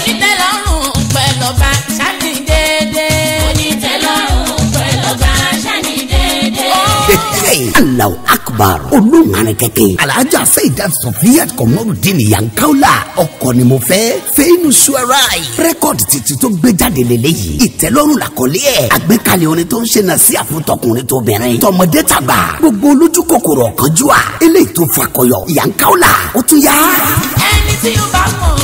onítẹ̀lọ́rùn pẹ̀lú ọba ṣáni Akbar olóhùn arìnkẹ́kẹ́ Alhaja Saida Sofiyat Komorudin Yankaula ọkọ ni suwarai rẹ́kọ̀dì títí tó gbé jáde lélẹ́yìí ìtẹ́lọ́rùn làkọlé ẹ̀ àgbékalẹ̀ orin tó ń ṣe náà sí àfúntọkùnrin tóbìnrin tọmọdé tàgbà gbogbo olójú kòkòrò ọ̀kánjúà eléyìí tó fakọyọ Yankaula ó tún yá. ẹni tí ó bá mọ̀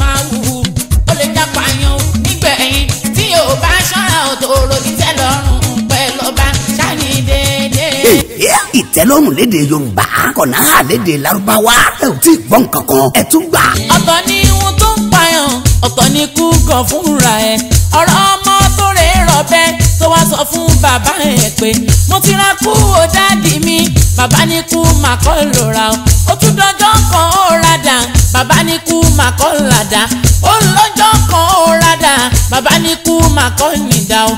máa wù ó lè jápa yan nígbẹ̀yìn tí yóò bá ṣọ́ra òtòrò ìtẹ́lọ́rùn pẹ̀lú ọba ṣáàní déédéé. ìtẹ́lọ́rùn léde yorùbá kọ̀nà hà léde lárúbáwá ẹ ò tí ì gbọ́ nǹkan kan ẹ tún gbà. ọ̀tọ̀ ni ihun tó ń payàn ọ̀tọ̀ ni ikú kan fúnra ẹ̀ ọ̀rọ̀ ọmọ tó rè é tó wá sọ fún bàbá ẹ̀ pé mo ti ra kú ó mi bàbá ní kú màkọ́ ìrora ó tún dọjọ́ kan màkọ́ làdá ó lọ́jọ́ kan ó rádà bàbá ní kú màkọ́ nìdá o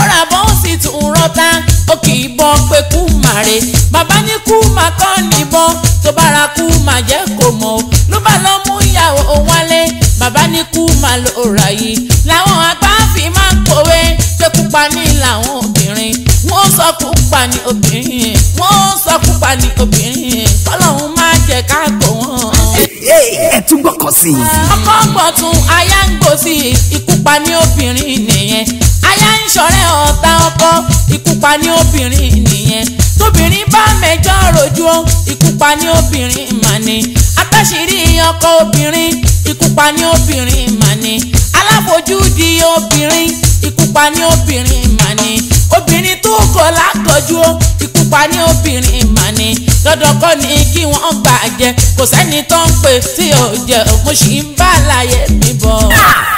ó rà bọ́ ó sì tún rọ́tà ó kì í bọ́ pé kú màre bàbá ní kú màkọ́ nìbọn tó bára kú mà jẹ́ kò mọ̀ o ló bá lọ mú ìyàwó wálé bàbá ní kú mà ló rà yìí làwọn àgbà fi máa pòwe ṣé kúpa ní làwọn obìnrin wọ́n sọ kúpa ní obìnrin wọ́n sọ kúpa ní obìnrin kọ́lọ́hún má jẹ́ ká tún gbọ́kàn sí. ọkọ gbọ̀tún aya ń gbòsì ìkúpa ní obìnrin nìyẹn aya ń ṣọ̀rẹ́ ọ̀tá ọkọ ìkúpa ní obìnrin nìyẹn tóbìnrin bá mẹ́jọ rojú ìkúpa ní obìnrin mà ní àtàṣírí ọkọ obìnrin ìkúpa ní obìnrin mà ní aláfojúdi obìnrin ìkúpa ní obìnrin mà ní obìnrin tó kọ̀ lákọ̀jú ìkúpa ní obìnrin mà ní dandan kọ́ ni kí wọ́n gbà jẹ kò sẹ́ni tó ń pè tí ò jẹ mo sì ń bá àlàyé mi bọ̀.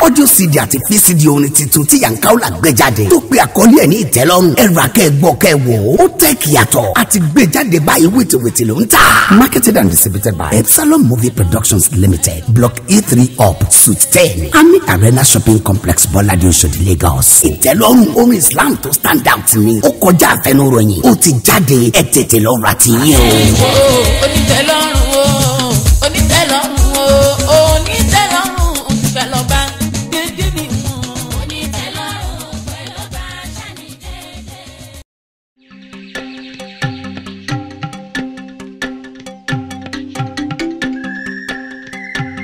ọjọ́ cd àti pcd orin tuntun tí Yankawla gbé jáde tó pe àkọlé ẹ̀ ní ìtẹ́lọ́rùn ẹ̀rọ akẹ́gbọ́ kẹwò ó tẹ̀ kíyàtọ̀ àti gbé jáde báyìí wìtìwìtì ló ń tà. marketed and distributed by epsilon movie productions limited block e three up suite ten ami arena shopping complex bọ́ládé oṣòdì Lagos ìtẹ́lọ́rùn orin Islam tó stand out ni ó kọjá àfẹnuròyìn ó ti jáde ẹ̀ tètè lọ́ọ́ ra tiyín o oníjẹ lọ.